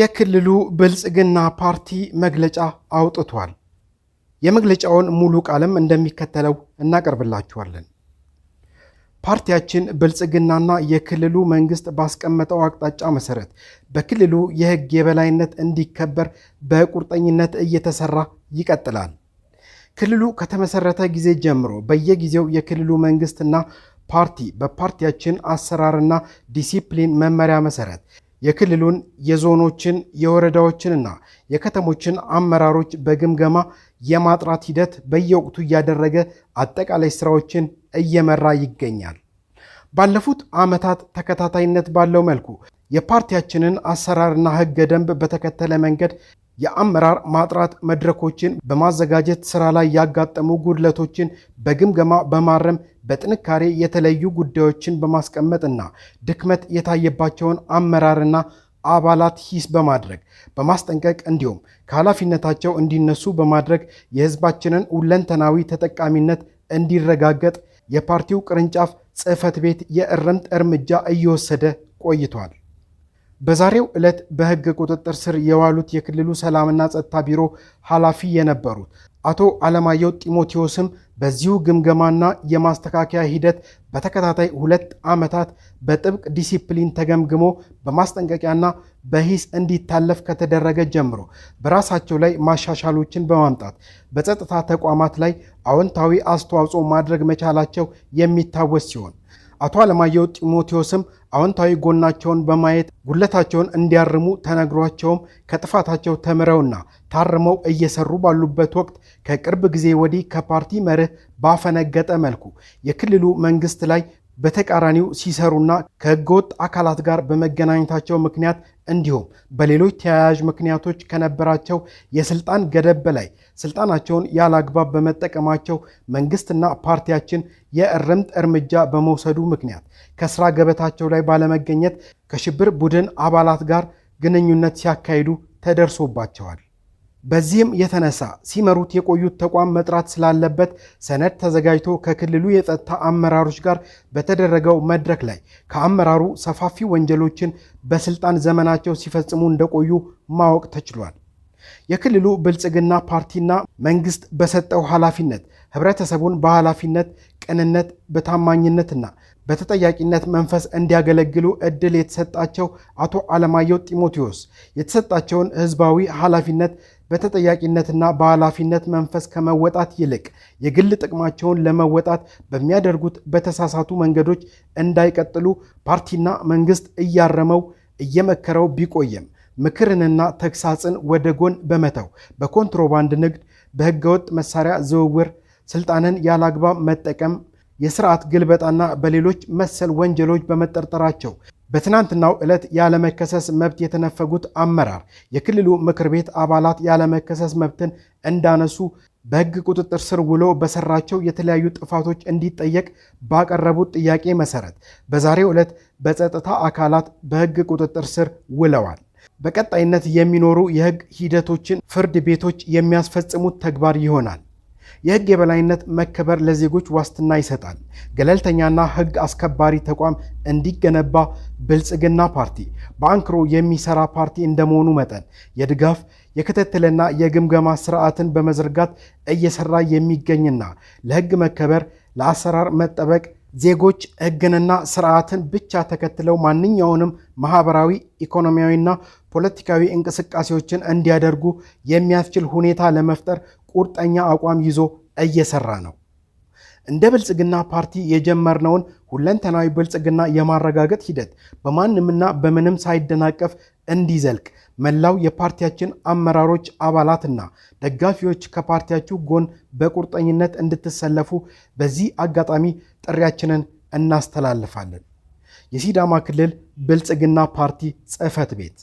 የክልሉ ብልጽግና ፓርቲ መግለጫ አውጥቷል። የመግለጫውን ሙሉ ቃለም እንደሚከተለው እናቀርብላችኋለን። ፓርቲያችን ብልጽግናና የክልሉ መንግስት ባስቀመጠው አቅጣጫ መሰረት በክልሉ የህግ የበላይነት እንዲከበር በቁርጠኝነት እየተሰራ ይቀጥላል። ክልሉ ከተመሰረተ ጊዜ ጀምሮ በየጊዜው የክልሉ መንግስትና ፓርቲ በፓርቲያችን አሰራርና ዲሲፕሊን መመሪያ መሰረት የክልሉን የዞኖችን የወረዳዎችንና የከተሞችን አመራሮች በግምገማ የማጥራት ሂደት በየወቅቱ እያደረገ አጠቃላይ ስራዎችን እየመራ ይገኛል። ባለፉት ዓመታት ተከታታይነት ባለው መልኩ የፓርቲያችንን አሰራርና ሕገ ደንብ በተከተለ መንገድ የአመራር ማጥራት መድረኮችን በማዘጋጀት ስራ ላይ ያጋጠሙ ጉድለቶችን በግምገማ በማረም በጥንካሬ የተለዩ ጉዳዮችን በማስቀመጥና ድክመት የታየባቸውን አመራርና አባላት ሂስ በማድረግ በማስጠንቀቅ እንዲሁም ከኃላፊነታቸው እንዲነሱ በማድረግ የሕዝባችንን ሁለንተናዊ ተጠቃሚነት እንዲረጋገጥ የፓርቲው ቅርንጫፍ ጽህፈት ቤት የእረምት እርምጃ እየወሰደ ቆይቷል። በዛሬው ዕለት በህግ ቁጥጥር ስር የዋሉት የክልሉ ሰላምና ጸጥታ ቢሮ ኃላፊ የነበሩት አቶ አለማየሁ ጢሞቴዎስም በዚሁ ግምገማና የማስተካከያ ሂደት በተከታታይ ሁለት ዓመታት በጥብቅ ዲሲፕሊን ተገምግሞ በማስጠንቀቂያና በሂስ እንዲታለፍ ከተደረገ ጀምሮ በራሳቸው ላይ ማሻሻሎችን በማምጣት በጸጥታ ተቋማት ላይ አዎንታዊ አስተዋጽኦ ማድረግ መቻላቸው የሚታወስ ሲሆን አቶ አለማየሁ ጢሞቴዎስም አዎንታዊ ጎናቸውን በማየት ጉለታቸውን እንዲያርሙ ተነግሯቸውም ከጥፋታቸው ተምረውና ታርመው እየሰሩ ባሉበት ወቅት ከቅርብ ጊዜ ወዲህ ከፓርቲ መርህ ባፈነገጠ መልኩ የክልሉ መንግስት ላይ በተቃራኒው ሲሰሩና ከህገወጥ አካላት ጋር በመገናኘታቸው ምክንያት እንዲሁም በሌሎች ተያያዥ ምክንያቶች ከነበራቸው የስልጣን ገደብ በላይ ስልጣናቸውን ያላግባብ በመጠቀማቸው መንግስትና ፓርቲያችን የእርምት እርምጃ በመውሰዱ ምክንያት ከስራ ገበታቸው ላይ ባለመገኘት ከሽብር ቡድን አባላት ጋር ግንኙነት ሲያካሂዱ ተደርሶባቸዋል። በዚህም የተነሳ ሲመሩት የቆዩት ተቋም መጥራት ስላለበት ሰነድ ተዘጋጅቶ ከክልሉ የጸጥታ አመራሮች ጋር በተደረገው መድረክ ላይ ከአመራሩ ሰፋፊ ወንጀሎችን በስልጣን ዘመናቸው ሲፈጽሙ እንደቆዩ ማወቅ ተችሏል። የክልሉ ብልጽግና ፓርቲና መንግስት በሰጠው ኃላፊነት ህብረተሰቡን በኃላፊነት፣ ቅንነት፣ በታማኝነትና በተጠያቂነት መንፈስ እንዲያገለግሉ እድል የተሰጣቸው አቶ አለማየሁ ጢሞቴዎስ የተሰጣቸውን ህዝባዊ ኃላፊነት በተጠያቂነትና በኃላፊነት መንፈስ ከመወጣት ይልቅ የግል ጥቅማቸውን ለመወጣት በሚያደርጉት በተሳሳቱ መንገዶች እንዳይቀጥሉ ፓርቲና መንግስት እያረመው እየመከረው ቢቆየም ምክርንና ተግሳጽን ወደ ጎን በመተው በኮንትሮባንድ ንግድ፣ በህገወጥ መሳሪያ ዝውውር ስልጣንን ያላግባብ መጠቀም፣ የስርዓት ግልበጣና በሌሎች መሰል ወንጀሎች በመጠርጠራቸው በትናንትናው ዕለት ያለመከሰስ መብት የተነፈጉት አመራር የክልሉ ምክር ቤት አባላት ያለመከሰስ መብትን እንዳነሱ በሕግ ቁጥጥር ስር ውሎ በሰራቸው የተለያዩ ጥፋቶች እንዲጠየቅ ባቀረቡት ጥያቄ መሰረት በዛሬው ዕለት በጸጥታ አካላት በሕግ ቁጥጥር ስር ውለዋል። በቀጣይነት የሚኖሩ የሕግ ሂደቶችን ፍርድ ቤቶች የሚያስፈጽሙት ተግባር ይሆናል። የህግ የበላይነት መከበር ለዜጎች ዋስትና ይሰጣል። ገለልተኛና ህግ አስከባሪ ተቋም እንዲገነባ ብልጽግና ፓርቲ በአንክሮ የሚሰራ ፓርቲ እንደመሆኑ መጠን የድጋፍ የክትትልና የግምገማ ስርዓትን በመዘርጋት እየሰራ የሚገኝና ለህግ መከበር ለአሰራር መጠበቅ ዜጎች ህግንና ስርዓትን ብቻ ተከትለው ማንኛውንም ማህበራዊ ኢኮኖሚያዊና ፖለቲካዊ እንቅስቃሴዎችን እንዲያደርጉ የሚያስችል ሁኔታ ለመፍጠር ቁርጠኛ አቋም ይዞ እየሰራ ነው። እንደ ብልጽግና ፓርቲ የጀመርነውን ሁለንተናዊ ብልጽግና የማረጋገጥ ሂደት በማንምና በምንም ሳይደናቀፍ እንዲዘልቅ መላው የፓርቲያችን አመራሮች፣ አባላትና ደጋፊዎች ከፓርቲያችሁ ጎን በቁርጠኝነት እንድትሰለፉ በዚህ አጋጣሚ ጥሪያችንን እናስተላልፋለን። የሲዳማ ክልል ብልጽግና ፓርቲ ጽህፈት ቤት